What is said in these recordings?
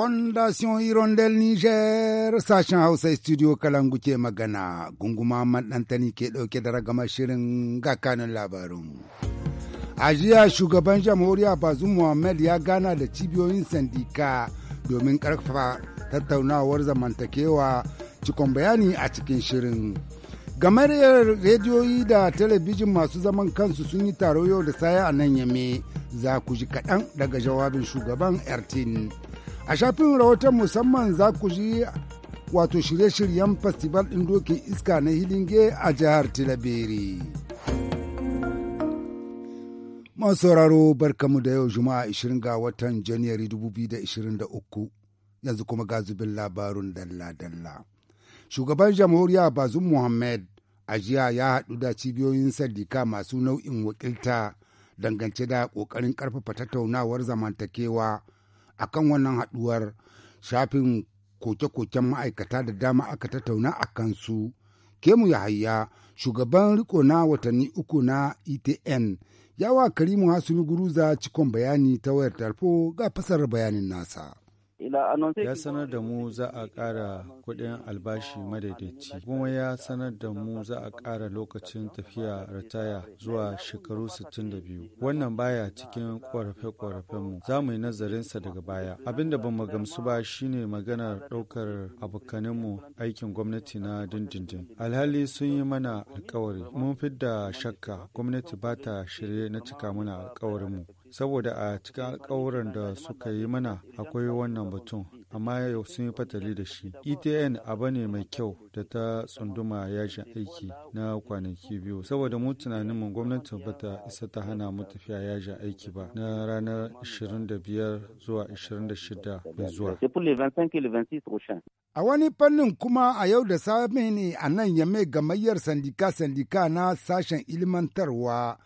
Fondation Hirondel Niger sashen Hausa studio Kalangu ke magana gunguma maɗantani ke ɗauke da ragama shirin gakanin labarin. A jiya shugaban jamhuriya bazu Muhammad ya gana da cibiyoyin sandika domin ƙarfafa tattaunawar zamantakewa cikon bayani a cikin shirin. gamar rediyoyi da talabijin masu zaman kansu sun yi taro yau da saya a nan yame za ku ji kaɗan daga jawabin shugaban 'yartin. A shafin rahoton musamman za ku ji wato shirye-shiryen festival ɗin dokin iska na Hilinge a jihar Tilabere. Masu sauraro barkamu da yau Juma'a 20 ga watan Janairu 2023 yanzu kuma ga zubin labarun dalla-dalla. Shugaban jamhuriya Bazum Muhammad a jiya ya haɗu da cibiyoyin sadika masu nau'in wakilta dangance da ƙoƙarin ƙarfafa tattaunawar zamantakewa akan wannan haɗuwar shafin koke-koken ma'aikata da dama aka tattauna a kansu. Kemu Yahaya, shugaban riko na watanni uku na ETN, yawa Karimu Hasunu Guruza cikon bayani ta wayar tarfo ga fasar bayanin nasa. ya sanar da mu za a ƙara kuɗin albashi madaidaici kuma ya sanar da mu za a ƙara lokacin tafiya ritaya zuwa shekaru 62 wannan baya cikin ƙorafe mu. za mu yi nazarinsa daga baya abin da ban gamsu ba shine maganar ɗaukar mu aikin gwamnati na dindindin alhali sun yi mana alkawari mun fidda shakka gwamnati ba ta shirye na cika mana alkawarin mu saboda a cikin alkawuran da suka yi mana akwai wannan batun amma yau sun yi fatali da shi etn abu ne mai kyau da ta tsunduma yashin aiki na kwanaki biyu saboda mu tunanin mu gwamnati ba ta isa ta hana mu tafiya yashin aiki ba na ranar 25 zuwa 26 mai zuwa A wani fannin kuma a yau da sami ne a nan yamai gamayyar sandika-sandika na sashen ilmantarwa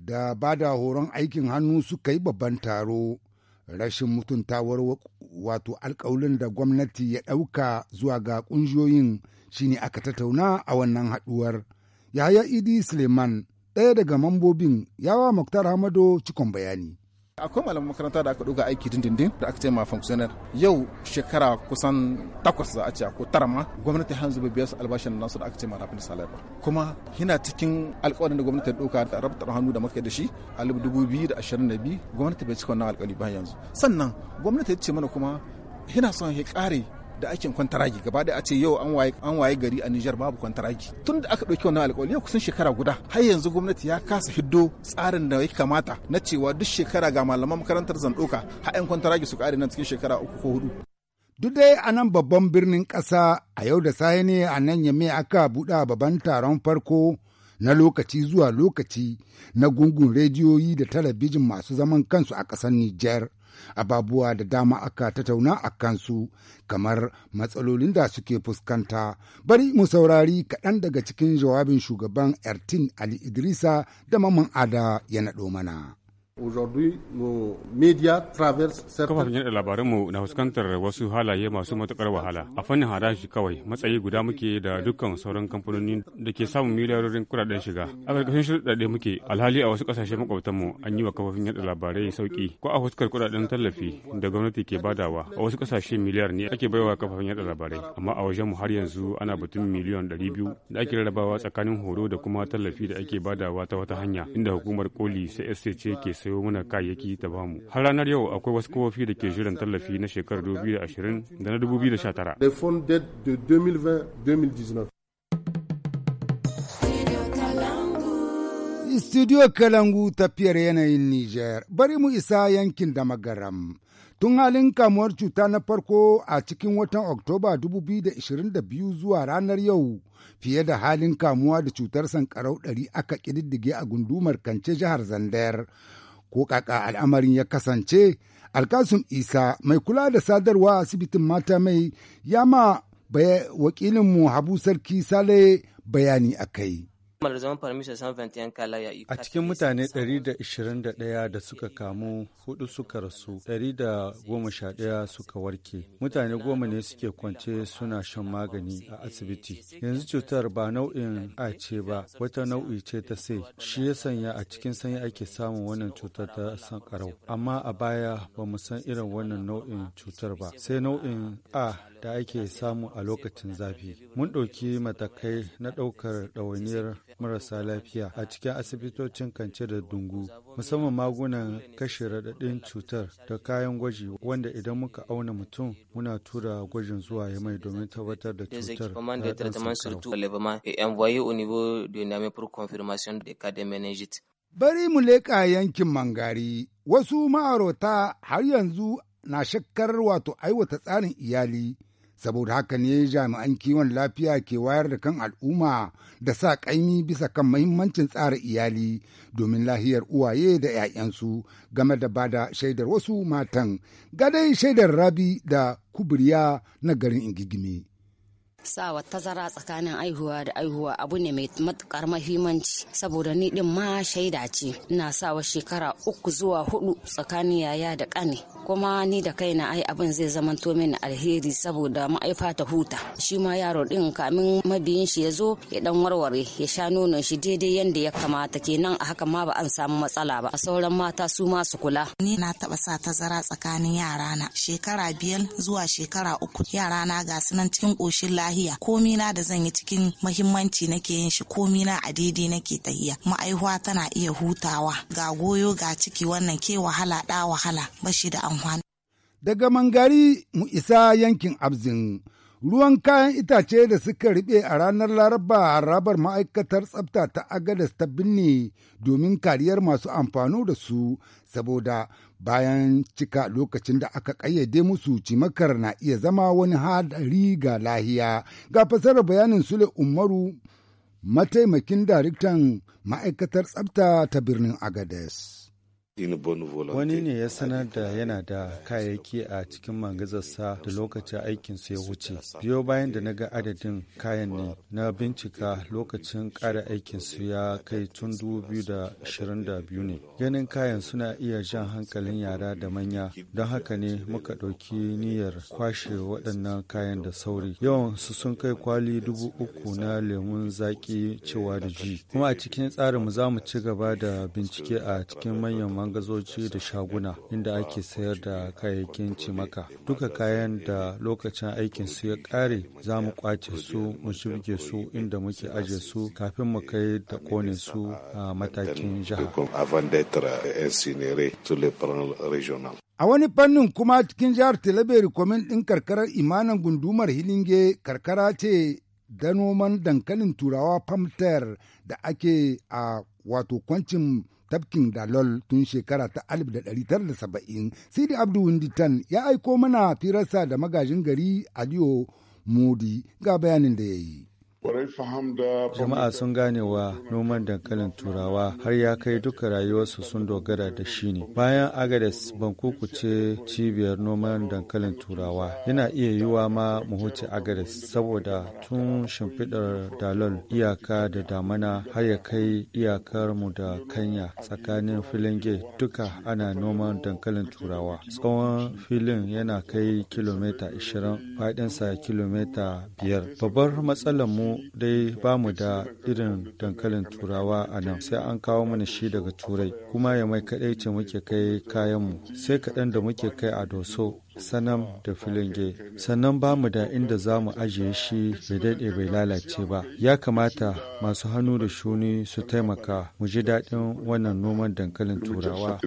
da ba da horon aikin hannu suka yi babban taro rashin mutuntawar wato alkawalin da gwamnati ya ɗauka zuwa ga ƙungiyoyin shine aka tattauna a wannan haɗuwar yahaya idi suleiman ɗaya daga mambobin yawa muktar hamado cikon bayani akwai malaman makaranta da aka ɗuga aiki dindindin da aka ce ma functionnaire yau shekara kusan takwas za a ce ko tara ma gwamnati hanzu zuba biya su albashin nasu da aka ce ma rafin salari kuma yana cikin alƙawarin da gwamnati ta ɗauka da rabtar hannu da muka da shi a dubu biyu da ashirin da biyu gwamnati bai cika wannan alƙawari ba yanzu sannan gwamnati ta ce mana kuma yana son ya ƙare da aikin kwantaragi gaba da a ce yau an waye an waye gari a nijar babu kwantaragi tun da aka dauki wannan alƙawari yau kusan shekara guda har yanzu gwamnati ya kasa hiddo tsarin da ya kamata na cewa duk shekara ga malaman makarantar zandoka har 'yan kwantaragi su kare nan cikin shekara uku ko hudu Duk dai a nan babban birnin ƙasa a yau da sai ne a nan yame aka buɗa babban taron farko na lokaci zuwa lokaci na gungun rediyoyi da talabijin masu zaman kansu a ƙasar Nijar. ababuwa da dama aka tattauna a kansu kamar matsalolin da suke fuskanta bari mu saurari kaɗan daga cikin jawabin shugaban ertin ali idrisa da maman ada ya naɗo mana aujourd'hui nos médias traversent certains kafafen yada labaran mu na fuskantar wasu halaye masu matukar wahala a fannin haraji kawai matsayi guda muke da dukkan sauran kamfanonin da ke samun miliyarorin kudaden shiga a karkashin shirɗaɗe muke alhali a wasu kasashe makwabtan mu an yi wa kafafen yadda labarai sauki ko a fuskar kudaden tallafi da gwamnati ke badawa a wasu kasashe miliyar ne ake baiwa kafafen yadda labarai amma a wajen mu har yanzu ana batun miliyan 200 da ake rarrabawa tsakanin horo da kuma tallafi da ake badawa ta wata hanya inda hukumar koli sai ce ke sai sayo mana kayayyaki ta bamu. Har ranar yau akwai wasu kofofi da ke shirin tallafi na shekarar 2020 da na 2019. Studio Kalangu tafiyar yanayin niger bari mu isa yankin da magaram. Tun halin kamuwar cuta na farko a cikin watan Oktoba 2022 zuwa ranar yau, fiye da halin kamuwa da cutar sankarau 100 aka kididdige a gundumar Kance jihar Zandar. ko kaka al'amarin ya kasance alkasum isa mai kula da sadarwa asibitin mata mai ya ma wakilinmu habu sarki sale bayani a kai A cikin mutane 121 da suka kamu, hudu suka rasu, 111 suka warke. Mutane goma ne suke kwance suna shan magani a asibiti. Yanzu cutar ba nau'in A ce ba, wata nau'i ce ta sai. Shi ya sanya a cikin sanyi ake samun wannan cutar ta san karau, Amma a baya ba mu san irin wannan nau'in cutar ba. Sai nau'in A da ake samu a lokacin zafi. Mun ɗauki matakai na ɗaukar ɗawainiyar marasa lafiya a cikin asibitocin kance da dungu musamman magunan kashe raɗaɗin cutar da kayan gwaji wanda idan muka auna mutum muna tura gwajin zuwa ya mai domin tabbatar da cutar Bari mu leƙa yankin mangari, wasu ma'arota har yanzu na shakkar wato aiwata tsarin iyali saboda haka ne jami'an kiwon lafiya ke wayar da kan al'umma da sa ƙaimi bisa kan mahimmancin tsara iyali domin lahiyar uwaye da 'ya'yansu game da bada shaidar wasu matan gadai shaidar rabi da kuburiya na garin ingigimi. sawa tazara tsakanin aihuwa da aihuwa abu ne mai matukar mahimmanci saboda ni din ma shaida ce ina sawa shekara uku zuwa hudu tsakanin yaya da kane kuma ni da kaina ai abin zai zamanto min alheri saboda ma'aifa ta huta shi ma yaro din kamin mabiyin shi ya zo ya dan warware ya sha nonon shi daidai yanda ya kamata kenan a haka ma ba an samu matsala ba a sauran mata su ma su kula ni na taba sa tazara tsakanin yara na shekara biyar zuwa shekara uku yara na ga sunan cikin koshin lafiya tahiya komi da zan yi cikin mahimmanci nake yin shi komi na a daidai nake tahiya ma'aihuwa tana iya hutawa ga goyo ga ciki wannan ke wahala da wahala bashi da amfani daga mangari mu isa yankin abzin Ruwan kayan itace da suka riɓe a ranar Laraba harabar ma'aikatar tsafta ta Agadas ta binne domin kariyar masu amfano da su saboda bayan cika lokacin da aka ƙayyade musu cimakar na iya zama wani hadari ga lahiya. Ga fasarar bayanin Sule Umaru mataimakin daraktan ma'aikatar tsafta ta birnin Agades. Wani ne ya sanar da yana da kayayyaki a cikin mangazarsa da lokacin aikinsa ya wuce. Biyo bayan da na ga adadin kayan ne na bincika lokacin ƙara aikinsu ya kai tun 2022 ne. Ganin kayan suna iya jan hankalin yara da manya don haka ne muka ɗauki niyyar kwashe waɗannan kayan da sauri. Yawan su sun kai kwali dubu uku na lemun zaki cewa da ji. Kuma a cikin tsarinmu za mu ci gaba da bincike a cikin manyan mangazoci da shaguna inda ake sayar da kayayyakin cimaka. Duka kayan da lokacin aikin su ya kare za mu kwace su mu shirge su inda muke aje su kafin mu kai da kone su a matakin jihar. A wani fannin kuma cikin jihar Talabere kwamin ɗin karkarar imanin gundumar Hilinge karkara ce da noman dankalin turawa famtar da ake a wato kwancin tafkin dalol tun shekara ta 1970 sidi abdu winditan ya aiko mana firarsa da magajin gari aliyo modi ga bayanin da ya yi Jama'a sun gane wa noman dankalin turawa har ya kai duka rayuwarsu sun dogara da shi ne. Bayan Agades Bankuku ce cibiyar noman dankalin turawa yana iya yiwa ma mu huce Agades saboda tun shimfiɗar dalol iyaka da damana har ya kai iyakar mu da kanya tsakanin filin filinge duka ana noman dankalin turawa. Tsawon filin yana kai kilomita 20 faɗinsa kilomita 5. Babbar matsalar mu mu dai ba mu da irin dankalin turawa a nan sai an kawo mana shi daga turai kuma ya mai kaɗai ce muke kai kayanmu sai kaɗan da muke kai a doso sanam da filinge sannan ba mu da inda za mu ajiye shi bai daɗe bai lalace ba ya kamata masu hannu da shuni su taimaka mu ji daɗin wannan noman dankalin turawa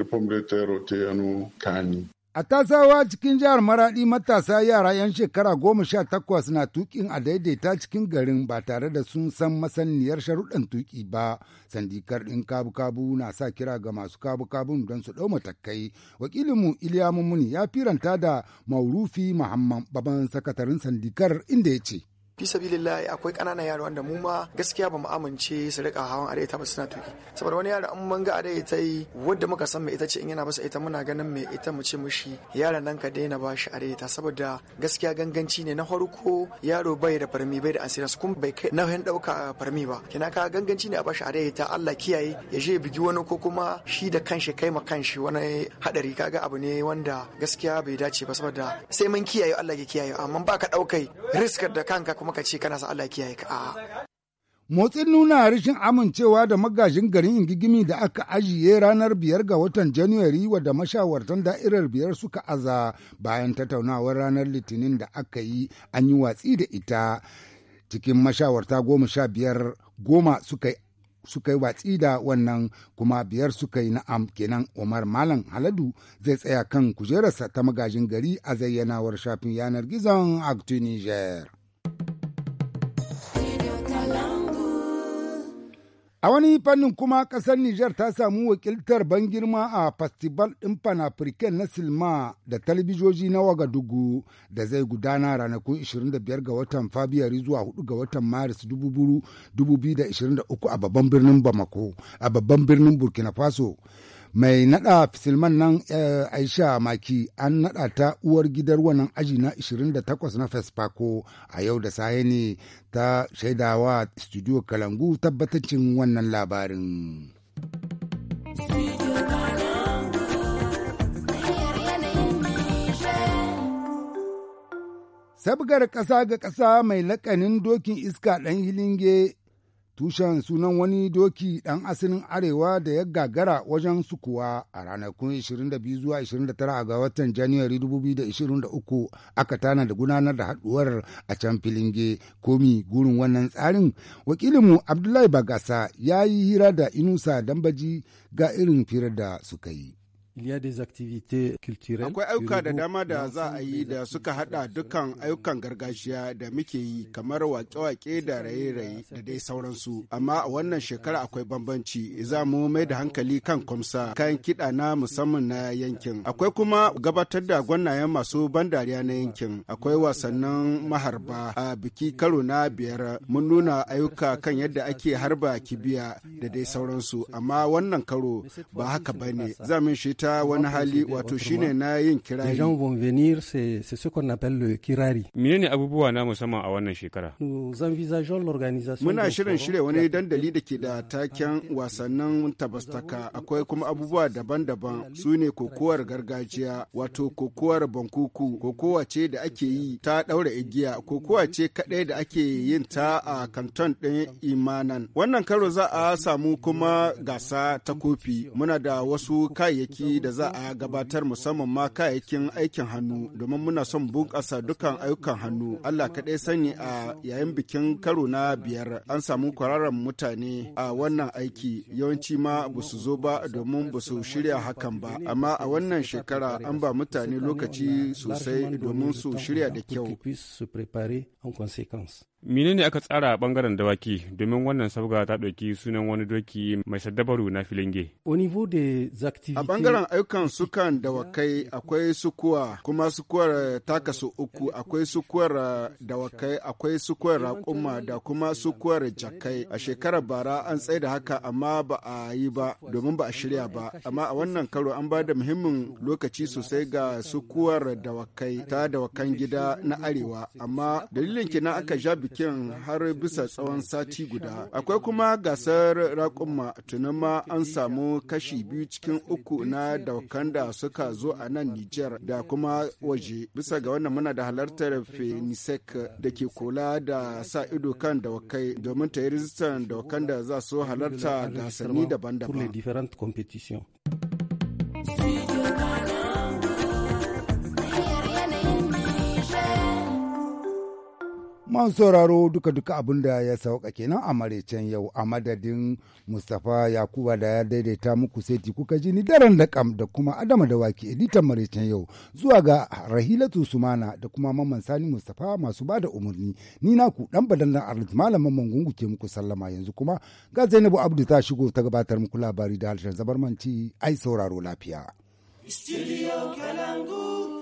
A tasawa cikin jihar Maraɗi matasa yara 'yan shekara goma sha takwas na tukin a daidaita cikin garin ba tare da sun san masaniyar sharuɗan tuki ba. Sandikar ɗin kabu-kabu na sa kira ga masu kabu-kabun don su ɗau matakai. Wakilinmu Iliya Mummuni ya firanta da Maurufi Muhammad baban sakatarin sandikar inda ya ce. fi sabilillahi akwai kananan yara wanda mu ma gaskiya bamu amince su rika hawan arewa ta ba suna tuki saboda wani yaro an mun ga ta yi wanda muka san mai ita ce in yana basa ita muna ganin mai ita mu ce mushi yaran nan ka daina ba shi arewa ta saboda gaskiya ganganci ne na farko yaro bai da farmi bai da asiras kuma bai kai nauyin ɗauka farmi ba kina ka ganganci ne a bashi adai ta Allah kiyaye ya je bigi wani ko kuma shi da kanshi kai ma kanshi wani hadari kaga abu ne wanda gaskiya bai dace ba saboda sai mun kiyaye Allah ya kiyaye amma ba ka daukai riskar da kanka kuma ka ce kana sa Allah kiyaye ka motsin nuna rashin amincewa da magajin garin ingigimi da aka ajiye ranar biyar ga watan january wadda mashawartan da'irar biyar suka aza bayan tattaunawar ranar litinin da aka yi an yi watsi da ita cikin mashawarta goma sha biyar goma suka yi watsi da wannan kuma biyar suka yi na'am kenan umar Malam Haladu zai tsaya kan kujerarsa ta magajin gari a zayyanawar shafin yanar gizon Actu Niger. A wani fannin kuma ƙasar Nijar ta samu wakiltar ban girma a festival ɗin Pan-African na Silma da talbijoji na Wagadugu da zai gudana ranakun 25 ga watan Fabiyari zuwa 4 ga watan Maris 2023 a babban birnin Bamako a babban birnin Burkina Faso. mai nada fisilman nan eh, aisha maki an nada ta uwar gidar wannan aji na 28 na fesfako a yau da saye ne ta shaidawa studio kalangu tabbatacin wannan labarin sabgar ƙasa ga ƙasa mai lakanin dokin iska ɗan hilinge tushen sunan wani doki ɗan asalin arewa da ya gagara wajen sukuwa a ranakun 22 zuwa 29 ga watan januari 2023 aka tana da gudanar da haduwar a can filinge komi gurin wannan tsarin wakilinmu abdullahi bagasa ya yi hira da inusa dambaji ga irin firar da suka yi Akwai ayyuka da dama da za a yi da suka hada dukkan ayyukan gargajiya da muke yi kamar wake-wake da raye-raye da dai sauransu. Amma a wannan shekara akwai bambanci za mu mai da hankali kan kwamsa kayan kiɗa na musamman na yankin. Akwai kuma gabatar da gwannayen masu ban dariya na yankin. Akwai wasannin maharba a biki karo na biyar mun nuna ayyuka kan yadda ake harba kibiya da dai sauransu. Amma wannan karo ba haka bane. Za shi ta wani hali wato shine na yin kirari. Les gens kirari. abubuwa na musamman a wannan shekara? Muna shirin shirya wani dandali da ke da taken wasannin tabastaka akwai kuma abubuwa daban-daban su ne kokowar gargajiya wato kokowar bankuku kokowa ce da ake yi ta daura igiya kokowa ce kadai da ake yin ta a kanton din imanan wannan karo za a samu kuma gasa ta kofi muna da wasu kayayyaki da za a gabatar musamman ma kayayyakin aikin hannu domin muna son bunƙasa dukkan ayyukan hannu. Allah kaɗai sani a yayin bikin karo na biyar an samu kwararan mutane a wannan aiki yawanci ma ba su zo ba domin ba su shirya hakan ba. Amma a wannan shekara an ba mutane lokaci sosai domin su shirya da kyau. menene aka tsara a bangaren dawaki domin wannan sabga ta ɗauki sunan wani doki mai saddabaru na filinge. A bangaren ayyukan sukan dawakai akwai sukuwa kuma sukuwar taka su uku akwai sukuwar eh, dawakai akwai sukuwar raƙuma da kuma sukuwar jakai. A shekarar bara an tsaye da haka amma ba a yi ba domin ba a shirya ba. Amma a wannan karo an ba da muhimmin lokaci sosai ga sukuwar dawakai ta dawakan gida na arewa amma dalilin kenan aka jabi bikin har bisa tsawon sati guda. Akwai kuma gasar raƙuma tunan ma an samu kashi biyu cikin uku na daukan da suka zo a nan Nijar da kuma waje. Bisa ga wannan muna da halartar Fenisek da ke kula da sa ido kan daukai domin ta yi rijistar daukan da za su halarta gasanni daban-daban. masu sauraro duka-duka abin da ya sauka kenan a maraicen yau a madadin mustapha yakuba da ya daidaita muku seti kuka ji ni daren da kam da kuma adama da waki editan maraicen yau zuwa ga rahilatu sumana da kuma mamman sani mustapha masu bada umarni ni na ku dan badan nan arziki malamin mangungu ke muku sallama yanzu kuma ga zainabu abdu ta shigo ta gabatar muku labari da harshen zabarmanci ai sauraro lafiya. Studio Kalangu.